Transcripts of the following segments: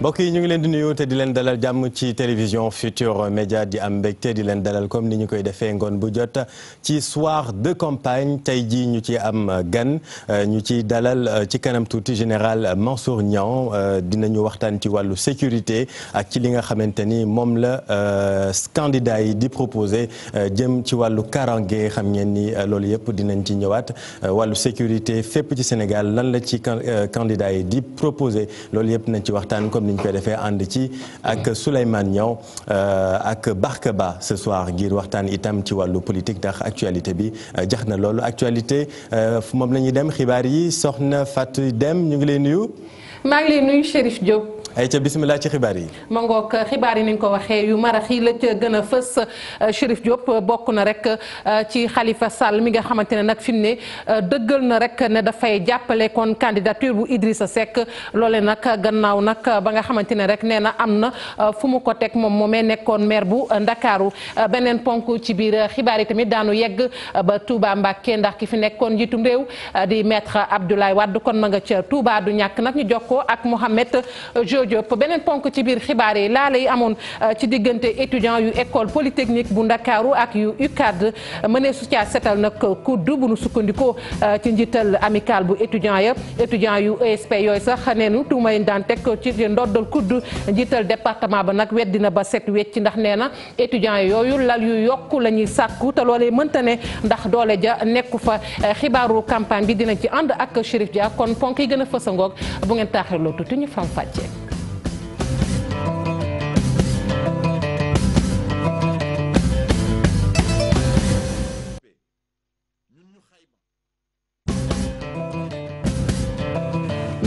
mbokk yi ñu ngi leen di nuyu te di leen dalal jàmm ci télévision Futur Média di am mbégte di leen dalal comme ni ñu koy defee ngoon bu jot ci soir de campagne tey jii ñu ci am gan euh, ñu ci dalal euh, ci kanam tuuti général Mansour Niang euh, dinañu waxtaan ci wàllu sécurité ak ci li nga xamante ni moom la candidat yi di proposé jëm ci wàllu karange xam ngeen ni loolu yëpp dinañ ci ñëwaat wàllu sécurité fépp ci Sénégal lan la ci candidat yi di proposé loolu yëpp nañ ci waxtaan ni ñu koy defee ànd ci ak Souleymane Niang euh, ak Barka Ba ce soir ngir waxtaan itam ci wàllu politique ndax actualité bi euh, jax na loolu actualité euh, moom la ñuy dem xibaar yi soxna Fatou dem ñu ngi lay nuyu. maa ngi lay nuyu Chérif Diop. ay ca bisimilah ci xibaar yi mangook xibaar yi niñ ko waxee yu marax yi la ca gën a fës euh, Chérif Diop euh, bokk na rek euh, ci xalifa Sall mi nga xamante ne nag fi mu ne dëggal na rek ne dafay jàppale kon candidature bu Idrissa Seck loole nag gannaaw nag ba nga xamante ne rek nee na am na fu mu ko teg moom moomee nekkoon maire bu Ndakaaru beneen ponk ci biir xibaar yi tamit daanu yegg ba Touba Mbacké ndax ki fi nekkoon njiitum réew di maître Abdoulaye Wade kon ma nga Diop beneen ponk ci biir xibaar yi laa yi amoon euh, ci diggante étudiant yu école polytechnique bu ndakaaru ak yu UCAD mënee su caa setal nag kudd bu nu sukkandikoo euh, ci njiital amical bu étudiant ya étudiant yu ESP yooyu sax neenu tuuma yi daan teg ci ndoddal kudd njiital département ba nag weddina ba set wecc ndax nee na étudiant yooyu lal yu yokku la ñuy sàkku te loolee mënta ne ndax doole ja nekku fa euh, xibaaru campagne bi dinañ ci ànd ak Chérif Dia kon ponk yi gën a fësangoog bu ngeen taaxirloo tuuti ñu fam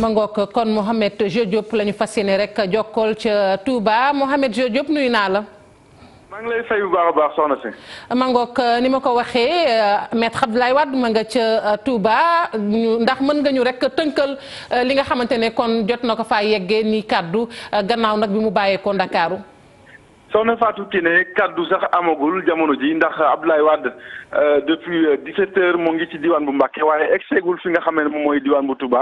ma mangook kon Mohamed Diop la ñu fas yéene rek jokkool ca Touba Mohamed Diop nuyu naa la. maa ngi lay fay bu baax a baax soxna si. mangook euh, ni ma ko waxee euh, maître Abdoulaye Wade ma nga ca euh, Touba ndax mën nga ñu rek tënkal li nga xamante ne kon jot na ko faa yeggee ni kàddu gannaaw nag bi mu bàyyeekoo Ndakaaru. soxna Fatou Kiné kaddu sax amagul jamono ji ndax Abdoulaye Wade depuis 17 heures mu ngi ci diwaan bu Mbàkke waaye egseegul fi nga xamee ne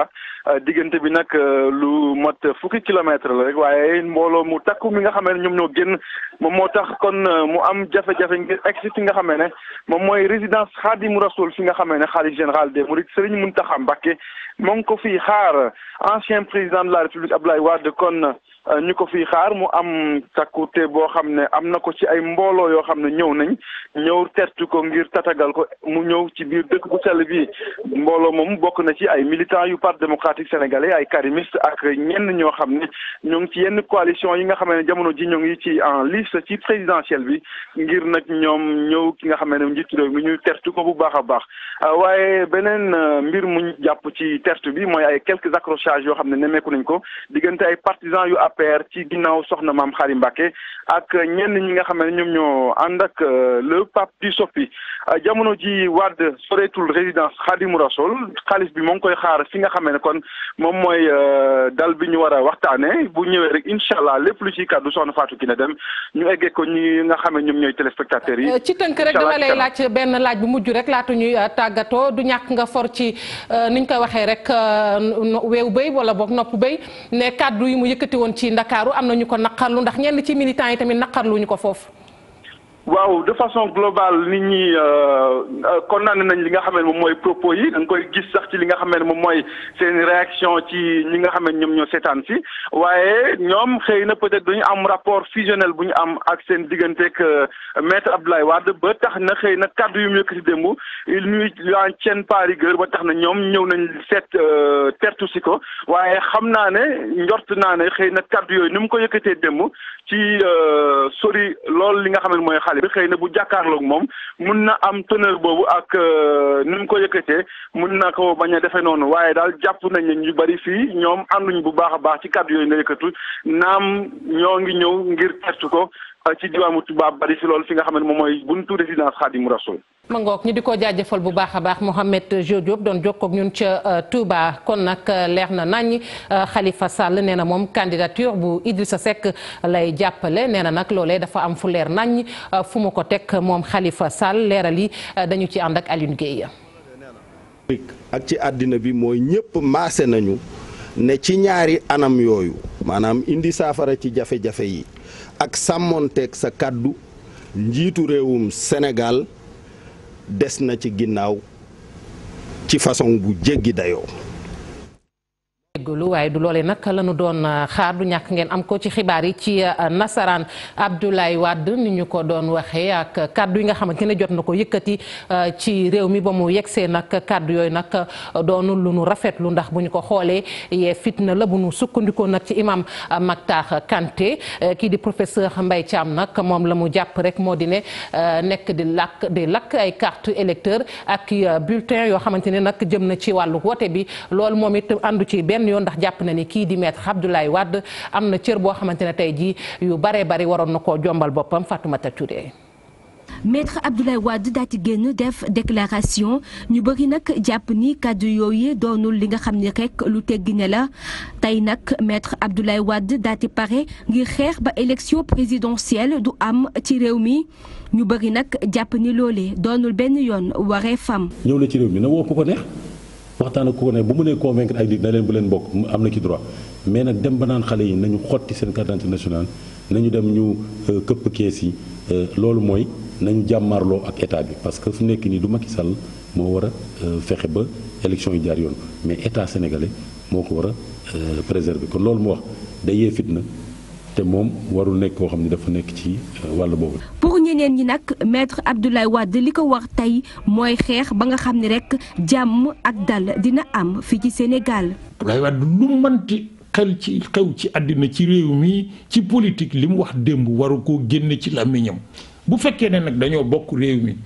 Euh, diggante bi nag euh, lu mat fukki kilomètre la rek waaye mbooloo mu takku mi nga xamee ne ñoom ñoo génn moom moo tax kon euh, mu am jafe-jafe ngir egsi fi nga xamee ne moom mooy résidence Xaadimu Rasuul fi nga xamee ne xaalif général des Mourides Serigne Mountakha Mbacké moo ngi ko fi xaar ancien président de la République Abdoulaye Wade kon ñu ko fi xaar mu am takkute boo xam ne am na ko ci ay mbooloo yoo xam ne ñëw nañ ñëw tert ko ngir tatagal ko mu ñëw ci biir dëkk bu sell bi mbooloo moom bokk na ci ay militants démocratique sénégalais ay karimiste ak ñenn ñoo xam ne ñoo ngi ci yenn coalition yi nga xam ne jamono ji ñoo ngi ci en lice ci présidentielle bi ngir nag ñoom ñëw ki nga xam ne njiitu réew mi ñu tertu ko bu baax a baax ah, waaye beneen euh, mbir mu jàpp ci tertu bi mooy ay quelques accrochages yoo xam ne ne nemmeeku nañ ko diggante ay partisans yu APR ci ginnaaw soxna maam Xari Mbàkke ak ñenn ñi nga xam ne ñoom ñoo ànd ak euh, le pap di soppi ah, jamono ji Wade soreetul résidence moom mooy euh, dal bi ñu war a waxtaanee bu ñëwee rek incha allah lépp lu ciy kàddu soxna ki Kiné dem ñu eggee ko ñi nga xam ne ñoom ñooy téléspectateurs yi. Euh, ci tënk rek dama lay laaj benn laaj bu mujj rek laatu ñuy euh, tàggatoo du ñàkk nga for ci niñ koy waxee rek weew béy wala boog nopp béy ne kàddu yi mu yëkkati woon ci ndakaaru am na ñu ko naqarlu ndax ñenn ci militants yi tamit naqarlu ñu ko foofu. waaw de façon globale nit ñi euh, euh, condamné nañ li nga xam ne moom mooy propos yi da nga koy gis sax ci li nga xam ne moom mooy seen réaction ci ñi nga xam ne ñoom ñoo seetaan si waaye ñoom xëy na peut-être dañu am rapport fusionnel bu ñu am ak seen digganteeg euh, maître waa Wade ba tax na xëy na kàddu yu mu yëkkati démb il ñuy en tiennent pas rigueur ba tax na ñoom ñëw nañ seet tertu si ko waaye xam naa ne njort naa ne xëy na kaddu yooyu ni mu ko yëkkatee démb ci sori bi xëy na bu jàkkaarlook moom mun na am teneur boobu ak euh, ni mu ko yëkkatee mun na ko bañ a defee noonu waaye daal jàpp nañ ne ñu bari fii ñoom ànduñ bu baax a baax ci kàddu yooyu nga yëkkatu naam ñoo ngi ñëw ngir tertu ko euh, ci diwaanu Touba bari si loolu fi nga xam ne moom mooy buntu résidence Xaadimu Rasuul ma ngoog ñu di ko jaajëfal bu baax a baax Mouhamed Diop doon jokkoog ñun ca euh, Touba kon nag euh, leer na nañ xalifa euh, Sall nee na moom candidature bu sa Seck lay jàppale nee na nag loole dafa am fu leer nañ fu mu ko teg moom xalifa Sall leeral yi dañu ci ànd ak Alioune Guèye. ak ci àddina bi mooy ñëpp maase nañu ne ci ñaari anam yooyu maanaam indi saafara ci jafe-jafe yi ak sàmmoonteeg sa kàddu njiitu réewum Sénégal. des na ci ginnaaw ci façon bu jéggi dayoo waaye du loolee nag la ñu doon euh, xaar du ñàkk ngeen am ko ci xibaar yi ci euh, nasaraan Abdoulaye Wade ni ñu ko doon waxee ak kaddu yi nga xamante ne jot na ko yëkkati euh, ci réew mi ba mu yegsee nag kaddu yooyu nag doonul lu nu rafetlu ndax bu ñu ko xoolee yee fitna la bu nu sukkandikoo nag ci imam Mactar Kanté kii di professeur Mbaye Thiam nag moom la mu jàpp rek moo di ne nekk di lakk di lakk ay carte électeur ak bulletin yoo xamante ne nag jëm na ci wàllu yoon ndax jàpp na ni kii di maître Abdoulaye Wade am na cër boo xamante ne tey jii yu baree bari waroon na koo jombal boppam Fatoumata Touré. maître Abdoulaye Wade daa ci génn def déclaration ñu bëri nag jàpp ni kàddu yooyu doonul li nga xam ni rek lu teggi ne la tey nag maître Abdoulaye Wade daa ci pare ngir xeex ba élection présidentielle du am ci réew mi ñu bëri nag jàpp ni loolee doonul benn yoon waree fam ñëw la waxtaan ak ku ko ne bu mënee convaincre ay nit na leen bu leen bokk am na ci droit mais nag dem ba naan xale yi nañu xotti seen carte d'identité nationale nañu dem ñu euh, këpp kees yi euh, loolu mooy nañu jàmmaarloo ak état bi parce que fu nekk nii du Macky Sall moo war a euh, fexe ba élection yu jaar yoon mais état sénégalais moo ko war a préserver kon loolu mu wax day yee fitna te moom warul nekk koo xam ne dafa nekk ci euh, wàll boobu. pour ñeneen ñi nag maître Abdoulaye Wade li ko wax tey mooy xeex ba nga xam ne rek jàmm ak dal dina am fii ci Sénégal. Abdoulaye Wade lu manti xel ci xew ci àddina ci réew mi ci politik li mu wax démb waru koo génne ci làmmiñam bu fekkee ne nag dañoo bokk réew mi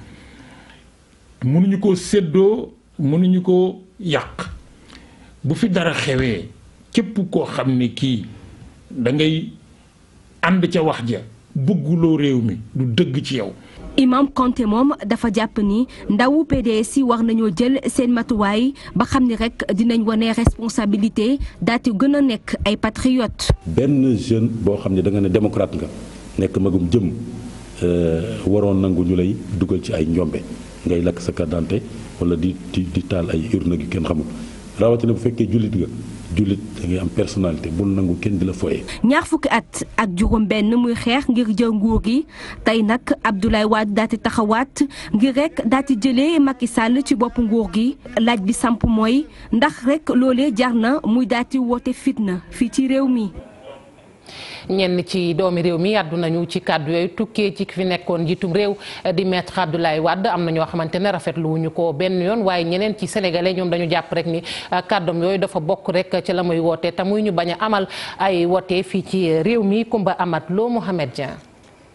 mënuñu ko séddoo mënuñu ko yàq bu fi dara xewee képp koo xam ne kii da ànd ca wax ja bugguloo réew mi du dëgg ci yow. Imam Konté moom dafa jàpp ni ndawu PDS yi war nañoo jël seen matuwaay ba xam ni rek dinañ wane responsabilité daati gën a nekk ay patriote benn jeune boo xam ne da nga ne démocrate nga nekk magum jëm euh, waroon nangu ñu lay dugal ci ay njombe ngay lakk sa carte d'identité wala di di taal ay urne yi kenn xamul rawatina bu fekkee jullit nga. jullit da ngay am personnalité bul nangu kenn di la foye ñaar fukki at ak juróom benn muy xeex ngir jël nguur gi tey nag Abdoulaye Wade daati taxawaat ngir rek daati jëlee Macky Sall ci boppu nguur gi laaj bi samp mooy ndax rekk loole jar na muy daati woote fitna fii ci réew mi ñenn ci doomi réew mi àddu nañu ci kàddu yooyu tukkee ci fi nekkoon jiitum réew di maître Abdoulaye wàdd am na ñoo xamante ne rafetlu wuñu ko benn yoon waaye ñeneen ci sénégalais ñoom dañu jàpp rek ni ah, kàddoom yooyu dafa bokk rek ci la muy woote te muy ñu bañ a amal ay woote fii ci réew mi Kumba Amat Lo Mohamed Dieng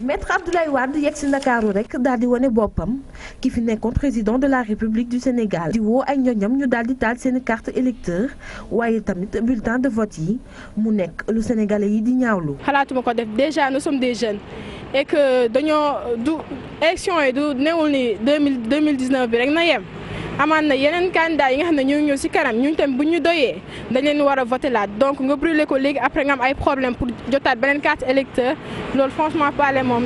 maître Abdoulaye Wade yegg si Ndakaaru rek daal di wane boppam ki fi nekkoon président de la république du Sénégal. di woo ay ñoñam ñu daal di taal seen carte électeur waaye tamit bulletin de vote yi mu nekk lu sénégalais yi di ñaawlu. xalaatuma ko def déjà nous sommes des jeunes et que dañoo du élection yi du newul ni deux mille deux mille dix-neuf bi rek na yem. amaan na yeneen candidat yi nga xam ne ñu ngi ñëw si kanam ñun tamit bu ñu doyee dañ leen war a voté laat donc nga brûlé ko léegi après nga ay problème pour jotaat beneen carte électeur loolu franchement parler moom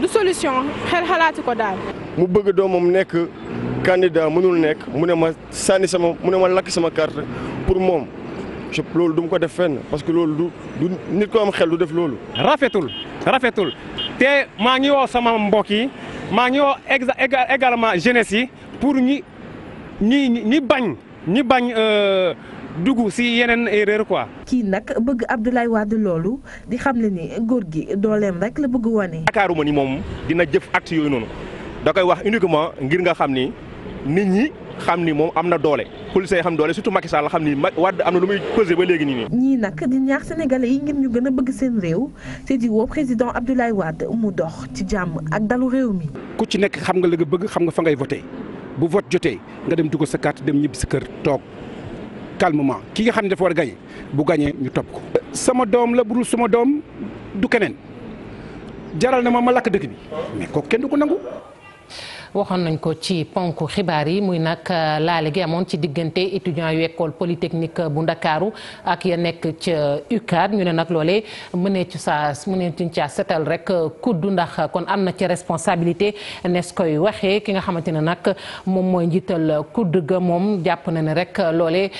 du solution xel xalaat ko daal. mu bëgg doomam nekk candidat mënul nekk mu ne ma sànni sama mu ne ma lakk sama carte pour moom je loolu du mu ko def fenn parce que loolu du du nit ko am xel du def loolu. rafetul rafetul te maa ngi woo sama mbokk yi maa ngi woo également jeunesse yi pour ñi. ñi ni bañ ñi bañ euh, dugg si yeneen erreur quoi. kii nag bëgg Abdoulaye Wade loolu di xam ne ni góor gi dooleem rek la bëgg wane. yaakaaruma ni moom dina jëf acte yooyu noonu da koy wax uniquement ngir nga xam ni nit ñi. xam ni moom am na doole policier yi xam doole surtout Macky Sall xam ni Wade am na lu muy pesé ba léegi nii nii. ñii nag di ñaax sénégalais yi ngir ñu gën a bëgg seen réew te di woo président Abdoulaye Wade mu dox ci jàmm ak dalu réew mi. ku ci nekk xam nga la bëgg xam nga fa voté. bu vote jotee nga dem dugal sa carte dem ñibbi sa kër toog calmement ki nga xam ne dafa war a gañe bu gañee ñu topp ko. sama doom la burul sama doom du keneen jaral na ma ma lakk dëkk bi mais kooku kenn du nangu. waxoon nañ ko ci ponk xibaar yi muy nag euh, laale gi amoon ci diggante étudiants yu école polytechnique euh, bu ndakaaru ak ya nekk ca UCAD ñu ne nag loole mënee ci saa mënee ci caa setal rek euh, kuddu ndax kon am na ca responsabilité nees koy waxee ki nga xamante ne nag moom mooy njiital kudd ga moom jàpp na ne rek loolee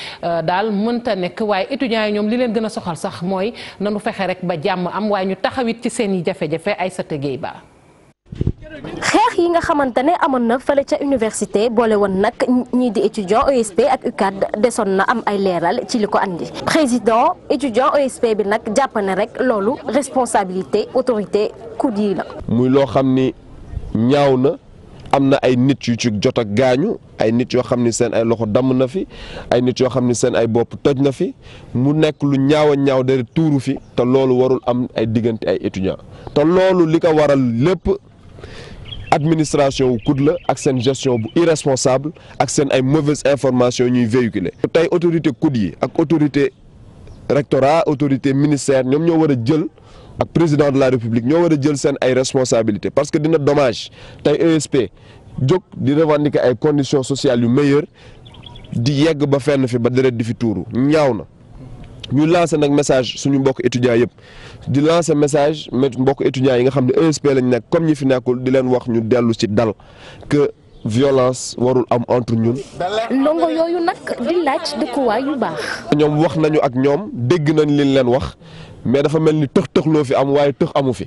daal ta nekk waaye étudiants yi ñoom li leen gën a soxal sax mooy nanu fexe rek ba jàmm am waaye ñu taxawit ci seen i jafe-jafe ay sa tëggeey ba xeex yi nga xamante ne amoon na fële ca université boole woon nag ñii di étudiant ESP ak UCAD desoon na am ay leeral ci li ko andi président étudiant ESP bi nag jàpp ne rek loolu responsabilité autorité COUD yi la. muy loo xam ni ñaaw na am na ay nit yu ci jot ak gaañu ay nit yoo xam ni seen ay loxo damm na fi ay nit yoo xam ni seen ay bopp toj na fi mu nekk lu ñaaw a ñaaw dara tuuru fi te loolu warul am ay diggante ay étudiant te loolu li ko waral administration wu COUD la ak seen gestion bu irresponsable ak seen ay mauvaise information ñuy véhiculer tey autorité COUD yi ak autorité rectorat autorité ministère ñoom ñoo war a jël ak président de la république ñoo war a jël seen ay responsabilité parce que dina dommage tey ESP jóg di revendiquer ay conditions sociales yu meilleures di yegg ba fenn fi ba deret di fi tuuru ñaaw na ñu lancer nag message suñu mbokk étudiants yëpp di lancer message mbokk étudiants yi nga xam ne ESP lañu nekk comme ñi fi nekkul di leen wax ñu dellu ci dal que violence warul am entre ñun. ndongo yooyu nag di laaj dëkkuwaay yu baax. ñoom wax nañu ak ñoom dégg nañ liñ leen wax mais dafa mel ni tëx tëx loo fi am waaye tëx amu fi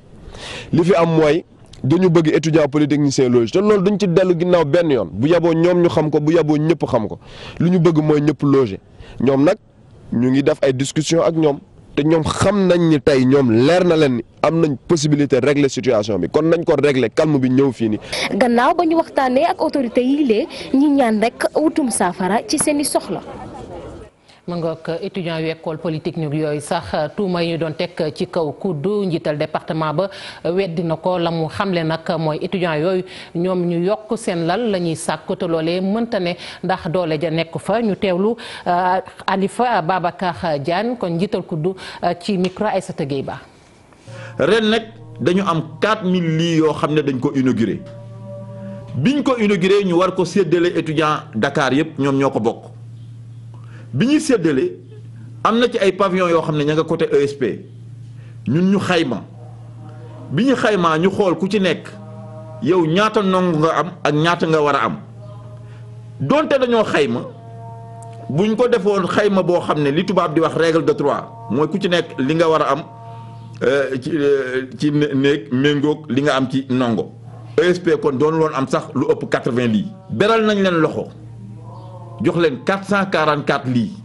li fi am mooy. dañu bëgg étudiant polytechnicien loge te lool duñ ci dellu ginnaaw benn yoon bu yaboo ñoom ñu xam ko bu yaboo ñëpp xam ko lu ñu bëgg mooy ñëpp ñoom nag ñu ngi def ay discussion ak ñoom te ñoom xam nañ ni tey ñoom leer na leen am nañ possibilité régler situation bi kon nañ ko régler calme bi ñëw fii nii. gannaaw ba ñu waxtaanee ak autorité yi lee ñi ñaan rek wutum saafara ci seeni soxla. mu ngoog étudiant yu école polytechnique yooyu sax tuuma yi ñu doon teg ci kaw kuddu njiital département ba weddi na ko la mu xamle nag mooy étudiant yooyu ñoom ñu yokk seen lal la ñuy sàkk te loolee mënta ne ndax doole ja nekk fa ñu teewlu euh, Alifa Babacar Diagne kon njiital kuddu euh, ci micro Aïssata Gueye Ba. ren nag dañu am 4000 lits yoo xam ne dañ ko inauguré biñ ko inauguré ñu war ko séddale étudiant dakaar yëpp ñoom ñoo ko bokk. bi ñuy séddale am na ci ay pavillon yoo xam ne ña nga côté ESP ñun ñu xayma bi ñu xaymaa ñu xool ku ci nekk yow ñaata ndongo nga am ak ñaata nga war a am donte dañoo xayma buñ ko defoon xayma boo xam ne li tubaab di wax règle de troit mooy ku ci nekk li nga war a am euh, ci euh, ci néeg méngoog li nga am ci ndongo ESP kon doon loon am sax lu ëpp quatre-vingts lii beral nañ leen loxo jox leen 444 lits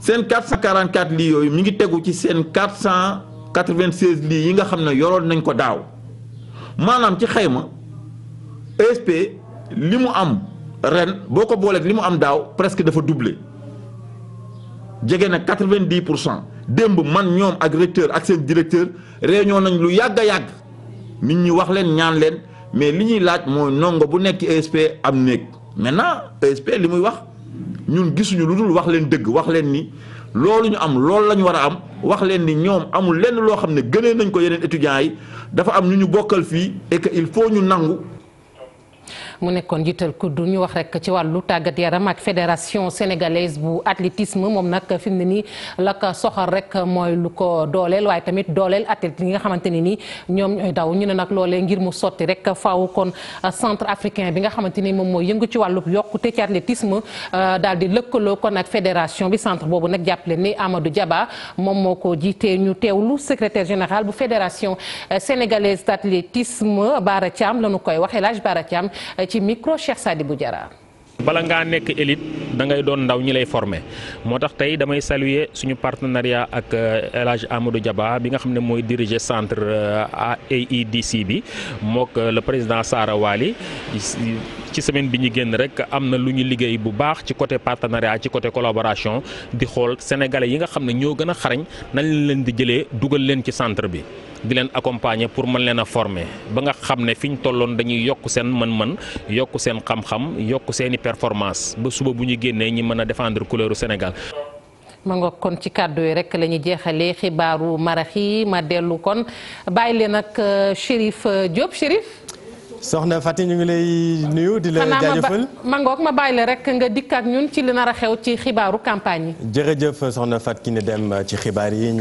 seen 444 lits yooyu mu ngi tegu ci seen 496 lits yi nga xam ne yoroon nañ ko daaw maanaam ci xayma ESP li mu am ren boo ko booleeg li mu am daaw presque dafa doublé jege na 90 pour cent démb man ñoom ak recteur ak seen directeur réunion nañ lu yàgg a yàgg nit ñi wax leen ñaan leen mais li ñuy laaj mooy ndongo bu nekk ESP am néeg. maintenant PSP li muy wax ñun gisuñu lu dul wax leen dëgg wax leen ni loolu ñu am loolu la ñu war a am wax leen ni ñoom amul lenn loo xam ne gënee nañ ko yeneen étudiants yi dafa am ñu ñu bokkal fii et il faut ñu nangu. mu nekkoon jiital kuddu ñu wax rek ci wàllu tàggat yaram ak fédération sénégalaise bu athlétisme moom nag fi mu ne nii la ko soxal rek mooy lu ko dooleel waaye tamit dooleel athlète yi nga xamante ne nii ñoom ñooy daw ñu ne nag loolee ngir mu sotti rek faaw kon centre africain bi nga xamante ni moom mooy yëngu ci wàllu yokkute ci athlétisme euh, daal di lëkkaloo kon ak fédération bi centre boobu nag jàppale ni Amadou jaba moom moo ko jiitee ñu teew lu secrétaire général bu fédération euh, sénégalaise athlétisme Bara Thiam koy waxee laaj Bara euh, ci micro Cheikh bu Diarra. bala ngaa nekk élite da ngay doon ndaw ñi lay former moo tax tey damay saluer suñu partenariat ak euh, El Hadj Amadou Diaba bi nga xam ne mooy diriger centre euh, AIDC e bi mook euh, le président Sara Wali. ci semaine bi ñu génn rek am na lu ñu liggéey bu baax ci côté partenariat ci côté collaboration di xool sénégalais yi nga xam ne ñoo gën a xarañ na leen di jëlee dugal leen ci centre bi. di leen accompagner pour man leen a former ba nga xam ne fi ñu tolloon dañuy yokk seen man man yokk seen xam-xam yokk seeni performance ba suba bu ñu génnee ñi mën a défendre couleuru Sénégal. ma nga kon ci kàddu yi rek la ñu xibaaru marax ma dellu kon bàyyi leen ak euh, Chérif euh, Diop Chérif. soxna yi ñu ngi lay nuyu di la jaajëfal mangoog ma bàyyi la rek nga dikk ak ñun ci li nar a xew ci xibaaru campagne yi. jërëjëf soxna ki Kiné Deme ci xibaar yi.